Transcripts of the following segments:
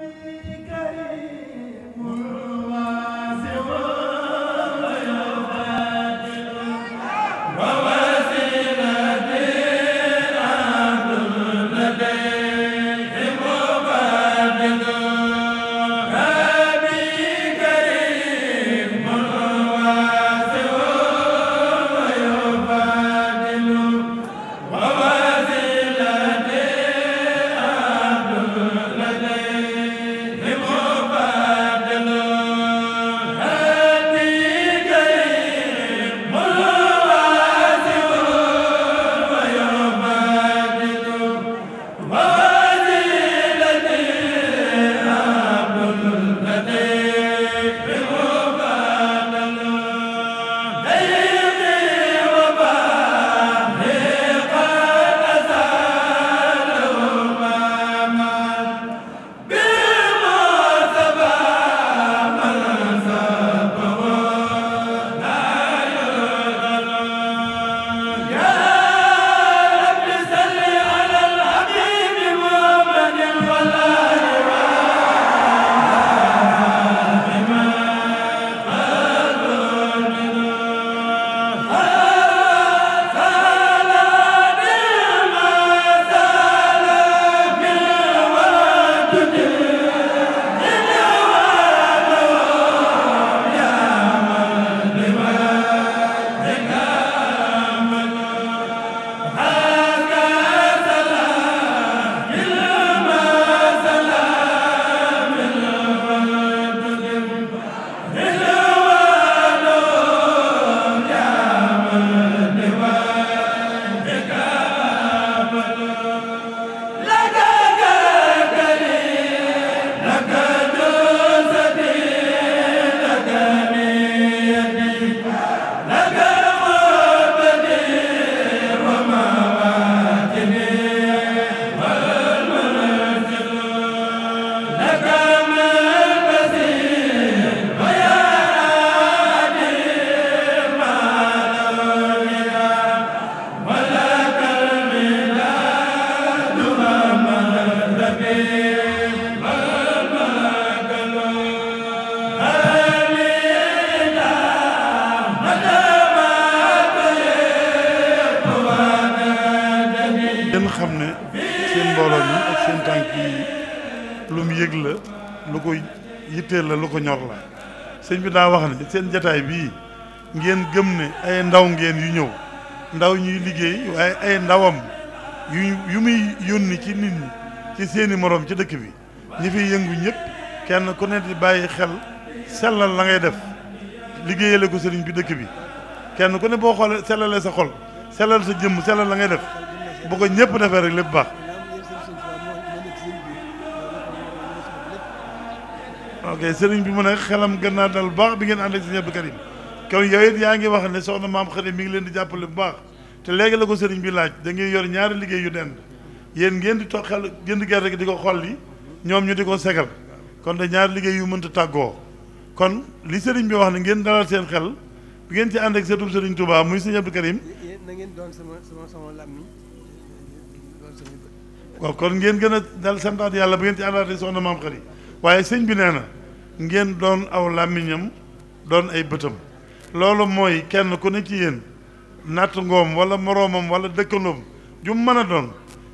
Thank you. yitteel la lu ko ñor la sëñ bi daa wax ne seen jataay bii ngeen gëm ne ay ndaw ngeen yu ñëw ndaw ñuy liggéey waaye ay ndawam yu yu muy yónni ci nit ñi ci seeni moroom ci dëkk bi ñi fi yëngu ñëpp kenn ku ne di bàyyi xel sellal la ngay def liggéeyale ko sëriñ bi dëkk bi kenn ku ne boo xoolee sellalee sa xol sellal sa jëmm sellal la ngay def bu ko ñëpp defee rek lépp baax ok sering bi mu ne xelam gën naa dal bu baax bi ngeen ànd ak sëriñ Abdou Karim kon yow it yaa wax ne soxna maam xarit mi ngi leen di jàppale bu baax te léegi la ko sëriñ bi laaj da ngeen yor ñaari liggéey yu dend yéen ngeen di toog xel jënd gerte gi xolli ñoom ñu di ko kon da ñaari liggéey yu mënta tàggoo kon li sëriñ bi wax ne ngeen dalal seen xel bi ngeen ci ànd ak seetub sëriñ Touba muy sëriñ Abdou Karim na ngeen doon sama sama sama làmmiñ waaw kon ngeen gën a dal santaat yàlla bu ngeen ci àndaatee soxna maam xarit bi ngeen doon aw làmmiñam doon ay bëtam loolu mooy kenn ku ne ci natt ngoom wala moroomam wala dëkkandoom ju mën a doon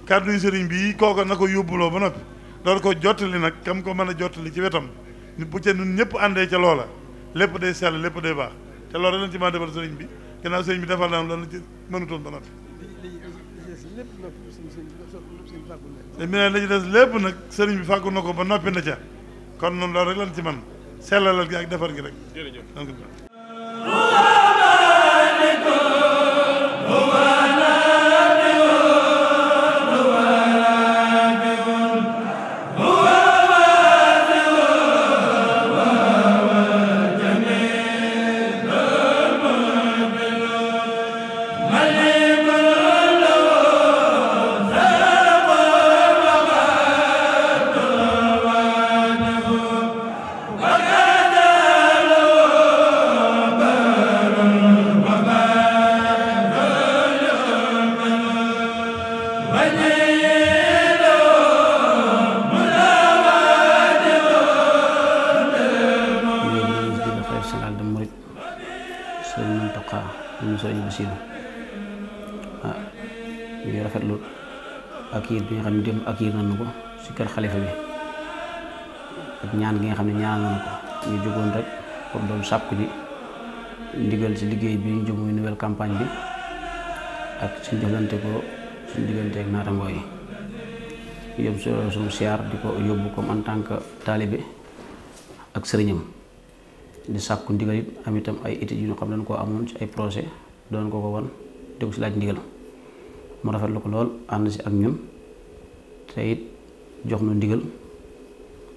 kàdduy sëriñ bi kooka na ko yóbbuloo ba noppi door ko jottali nag kam ko mën a jottali ci wetam bu ca nun ñëpp àndee ca loola lépp day sell lépp day baax te loolu lañ ci mën a sëriñ bi gannaaw sëriñ bi defal naa loolu ci mënutoon ba noppi mi ne la ci des lépp nag sëriñ bi fàggu na ko ba noppi na ca kon noonu loolu rek lan ci man sellalal gi ak defar gi rek. jërëjëf ci kër xalifa bi ak ñaan gi nga xam ne ñaanoon ko ñu jógoon rek pour doon sàkku ji ndigal ci liggéey bi ñu jëm muy nouvelle campagne bi ak ci jëlante ko ci diggante ak naatangoo yi ñu jëm su siyaar di ko yóbbu comme en tant que taalibe ak sëriñam di sàkku ndigal it am itam ay étude yu ñu xam dañ koo amoon ci ay projet doon ko ko won di ko ci laaj ndigal mu rafetlu ko lool ànd si ak ñun te it jox nu ndigal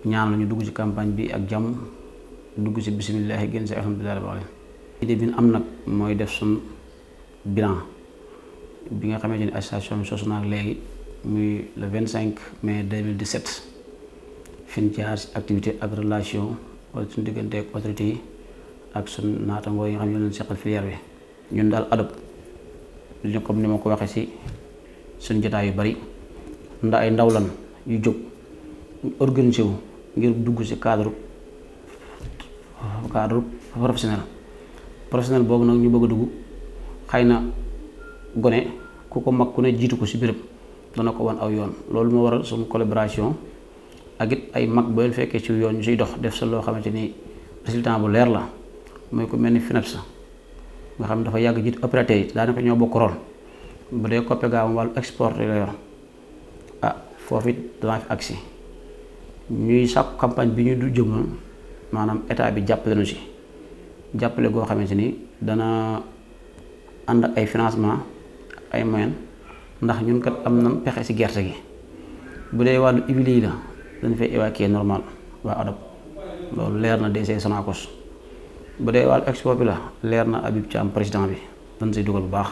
ñaan lañu dugg ci campagne bi ak jàmm dugg ci bismillah gën ci alhamdullilah rabbil alamin idée bi am nak moy def sun bilan bi nga xamé ni association bi sosu naag léegi muy le 25 mai 2017 fin ci ci activité ak relation wala sun digënté ak autorité ak sun nata ngoy nga xam ne leen seqal filière bi ñun dal adop ñu comme ni ma ko waxee ci sun jotaay yu bari nda ay ndaw lan yu jóg organisé wu ngir dugg ci cadre kadre professionnel professionnel boobu nag ñu bëgg a dugg xëy na gone ku ko mag ku ne jiitu ko ci béréb dana ko wan aw yoon loolu moo waral suñu collaboration ak it ay mag boo fekkee ci yoon ñu siy dox def sa loo xamante ni résultat bu leer la mooy ko mel ni FNAPS nga xam dafa yàgg jiit opérateur yi daanaka ñoo bokk rôle bu dee COPEGA wàllu export la yor. fofit it danaa fi agsi ñuy sàkku campagne bi ñu du jëm manam état bi jappalé ñu ci jappalé go xamanteni dana and ay financement ay moyen ndax ñun kat am nañ pexé ci gerte gi bu dé walu huiliers la dañ fay évacuer normal wa adab loolu lérna DC DG Sonacos bu dé wal expo bi la lérna Habib Thiam président bi dañ ci duggal bu baax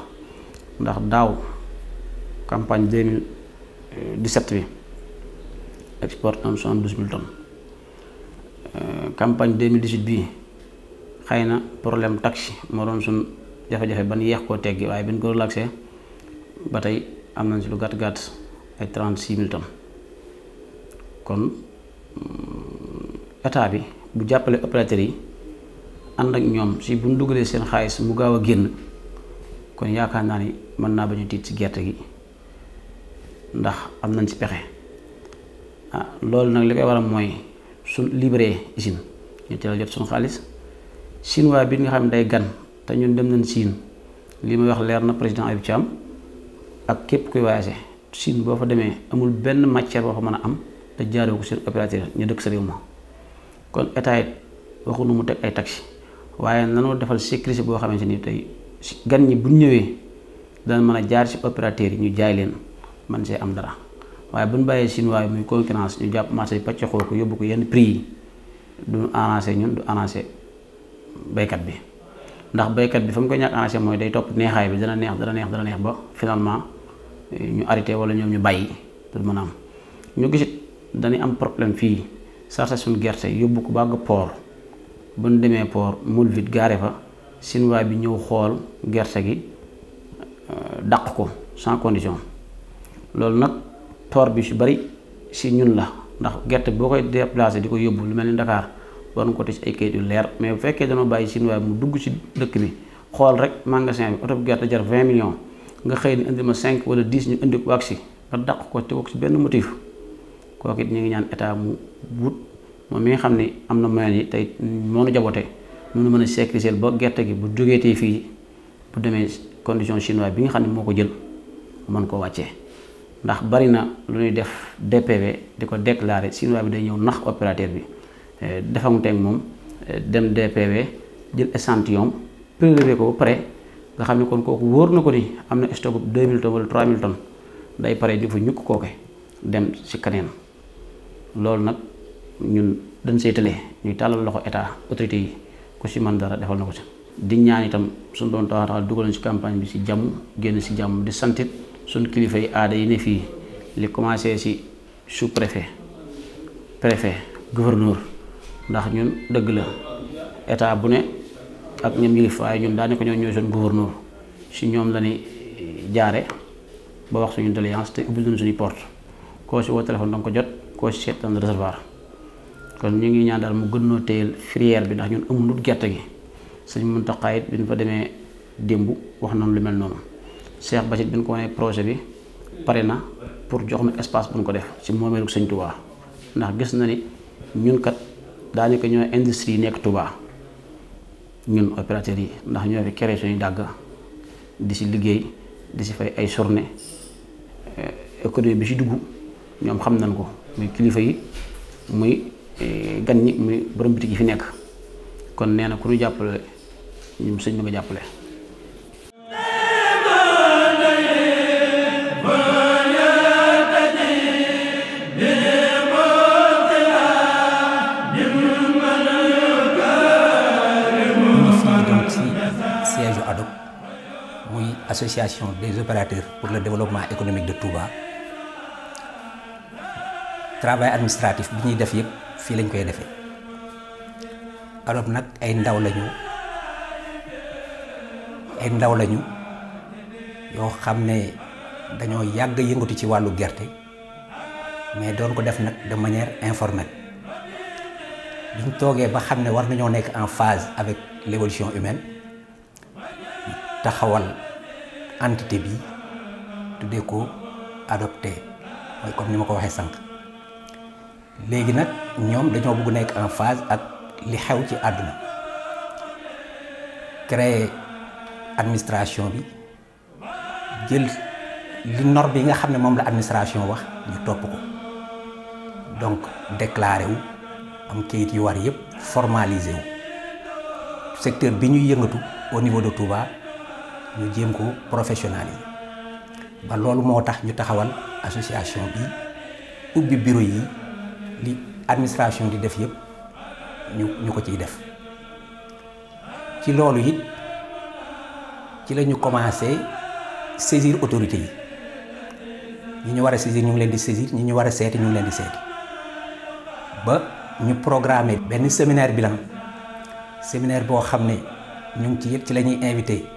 ndax daw campagne 2000 17 bi export am 72 000 tonnes euh, campagne 2018 bi xëy problème taxi mo doon sun jafé jafé ban yeex ko teggi waye bi ko relaxé batay am nañ ci lu gat gat ay 36 000 tonnes kon euh, état bi bu jappalé opérateur yi and ak ñom ci bu ndugulé dugalee seen xaalis mu gawa a génn kon yaaka naani man na bañu tit ci gerte gi ndax am nañ ci pexe ah loolu nag li koy waral mooy su libéré Chine ñu teel a jot suñu xaalis chinois bi nga xam ne day gan te ñun dem nañ siin li may wax leer na président ci am ak képp kuy voyagé Chine boo fa demee amul benn matière boo fa mën a am te jaaroo ko seen opérateur ñu dëkk sa réew ma kon état it nu mu teg ay taxi waaye nanoo defal sécurité boo xamante ni tey gan ñi bu ñëwee dana mën a jaar ci opérateur yi ñu jaay leen. man see am dara waye buñ ñu bàyyee chinois yi muy concurrence ñu japp marché pacc xol ko yobbu ko yenn prix du arrangé ñun du arrangé baykat bi ndax baykat bi fam ko ñak arrangé moy day top neexay bi dana neex dana neex dana neex ba finalement eh, ñu arrêté wala ñom ñu bayyi du mëna am ñu gisit dañuy am problème fi sarta sun gerte yobbu ko bàgg port buñ démé port mul vite garé fa chinois bi ñew xol gerte gi euh, dàq ko sans condition loolu nak tor bi ci bari ci ñun la ndax gette boo koy déplacer diko yobbu lu melni Dakar bon ko teg ay kay du leer mais bu fekke dañoo bayyi ci waaye mu dugg ci dekk bi xol rek magasin bi auto bu gerte jar 20 millions nga xëy ni indi ma 5 wala 10 ñu andi ko waxi si nga dàq ko ci ko si benn motif ko kit ñi ngi ñaan état mu wut mo mi xamni amna moyen yi tay mo nu jaboté mu nu mëna sécuriser bo gette gi bu duggé té fi bu démé condition chinois bi nga xamni moko jël man ko waccé ndax bari na lu ñuy def DPV di ko déclarer chinois bi day ñëw nax opérateur bi eh, defanteeg moom eh, dem DPV jël échantillon prélevé ko ba pare nga xam ne kon kooku wóor na ko ni am na stock bu 2000 tonnes trois 3000 ton day pare ñu fa ñukk kooke dem si kaneen loolu nag ñun dañ see tëlee ñuy tàllal loxo état autorité yi ku si man dara defal na ko si. di ñaan itam suñu doon taxaw taxaw dugal nañ campagne bi si jàmm génn si jàmm di santit sun kilifa yi aada yi ne fii li commencé si sous préfet préfet gouverneur ndax ñun dëgg la état bu ne ak ñam yilif waaye ñun daanaka ñoo ñooy sun gouverneur si ñoom la ni jaare ba wax suñu doléance te ubbil suñu porte koo si woo téléphone danga ko jot koo si seet réservoir kon ñu ngi ñaan daal mu gën noo téyel filière bi ndax ñun amul gerte gi suñ mun taxaayit bi ñu fa demee démb wax nañ lu mel noonu Cheikh Bachir bi ñu ko wanee projet bi pare na pour jox nu espace bu ñu ko def ci moomeelu sëñ Touba ndax gis na ni ñun kat daanaka ñoo industrie yi nekk Touba ñun opérateurs yi ndax ñoo fi créé suñu dàgg di si liggéey di si fay ay journée eh, économie bi si dugg ñoom xam nañ ko muy kilifa yi muy eh, gan ñi muy borom bitik yi fi nekk kon nee na ku ñu jàppale ñun sëñ bi nga jàppale. l'association des opérateurs pour le développement économique de Touba travail administratif bi ñuy def yëpp fii lañ koy defee alors nag ay ndaw lañu ay ndaw lañu yoo xam ne dañoo yàgg yëngatu ci wàllu gerte mais doon ko def nag de manière informelle bi ñu toogee ba xam ne war nañoo nekk en phase avec l'évolution humaine taxawal entité bi tuddee ko adopté mooy comme ni ma ko waxee sànq léegi nag ñoom dañoo bëgg nekk en phase ak li xew ci aduna créer administration bi jël li norme bi nga xamné mom la administration wax ñu top ko donc déclarer wu am kayit yu war yépp formaliser wu secteur bi ñuy yëngatu au niveau de Touba. ñu jéem ko professional yi ba loolu moo tax ñu taxawal association bi ubbi bureau yi li administration di def yëpp ñu ñu ko ciy def ci loolu it ci la ñu commencé saisir autorités yi ñu ñu war a saisir ñu ngi leen di saisir ñi ñu war a seeti ñu ngi leen di seeti ba ñu programmé benn séminaire bilan séminaire boo xam ne ñu ngi ci yëpp ci la ñuy invité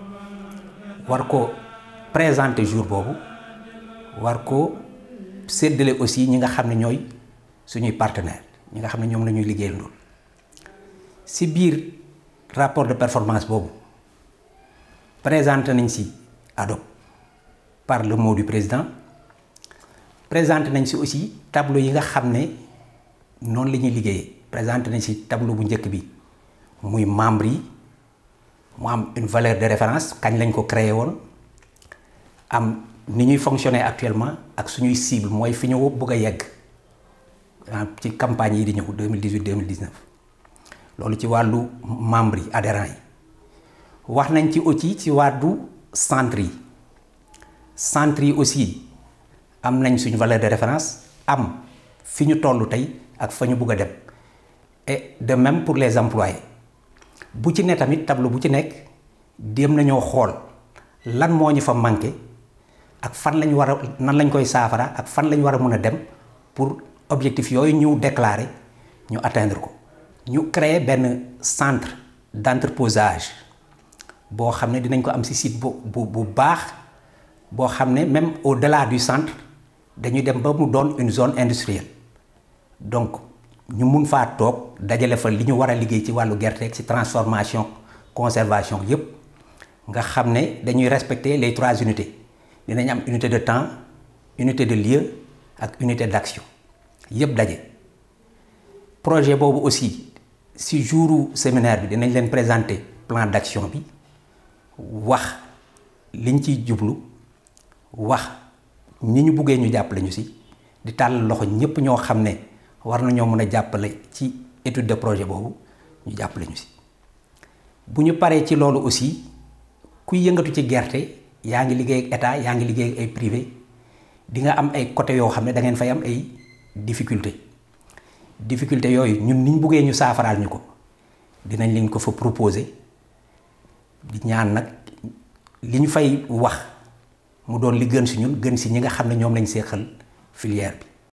war ko présenter jour bobu war ko sédélé aussi ñi nga xamné ñoy ñooy suñuy partenaire ñi nga xamné ñom lañuy la ñuy ci bir rapport de performance bobu présenté nañ ci adop par le mot du président présenté nañ ci aussi tableau yi nga xamné non lañuy la ñuy présenté nañ ci tableau bu ñëk bi muy membre yi mu am une valeur de référence kañ lañ ko créé woon am ni ñuy fonctionner actuellement ak suñuy cible mooy fi ñu bëgg a yegg ah, ci campagne yi di ñëw 2018 2019 loolu ci wàllu membres yi adhérents yi wax nañ ci aussi ci wàllu centre yi centre aussi am nañ suñu valeur de référence am fi ñu toll tey ak fa ñu dem et de même pour les employés bu ci ne tamit tablo bu ci nekk dem nañoo xool lan moo ñu fa manqué ak fan lañ war a nan lañ koy saafara ak fan lañ war a mën a dem pour objectif yooyu ñu déclarer ñu atteindre ko ñu créer benn centre d' entreposage boo xam ne dinañ ko am si site bu bu bu baax boo xam ne même au delà du centre dañu dem ba mu doon une zone industrielle donc ñu mun faa toog dajale fa li ñu war a liggéey ci wàllu gerte ci transformation conservation yëpp nga xam ne dañuy respecter les trois unités dinañ am unité de temps unité de lieu ak unité d'action yëpp daje projet boobu aussi si jouru séminaire bi dinañ leen présenter plan d'action bi wax liñ ciy jublu wax ñi ñu buggee ñu jàppale ñu si di tàll loxo ñëpp ñoo xam ne. war na ñoo mën a jàppale ci étude de projet boobu ñu jàpp lañu si bu ñu paree ci loolu aussi kuy yëngatu ci gerte yaa ngi liggéey ak état yaa ngi liggéey ak ay privé di nga am ay côté yoo xam ne da ngeen fay am ay difficulté difficulté yooyu ñun niñ buggee ñu saafaraal ñu ko dinañ leen ko fa proposer di ñaan nag li ñu fay wax mu doon li gën si ñun gën si ñi nga xam ne ñoom lañ seexal filière bi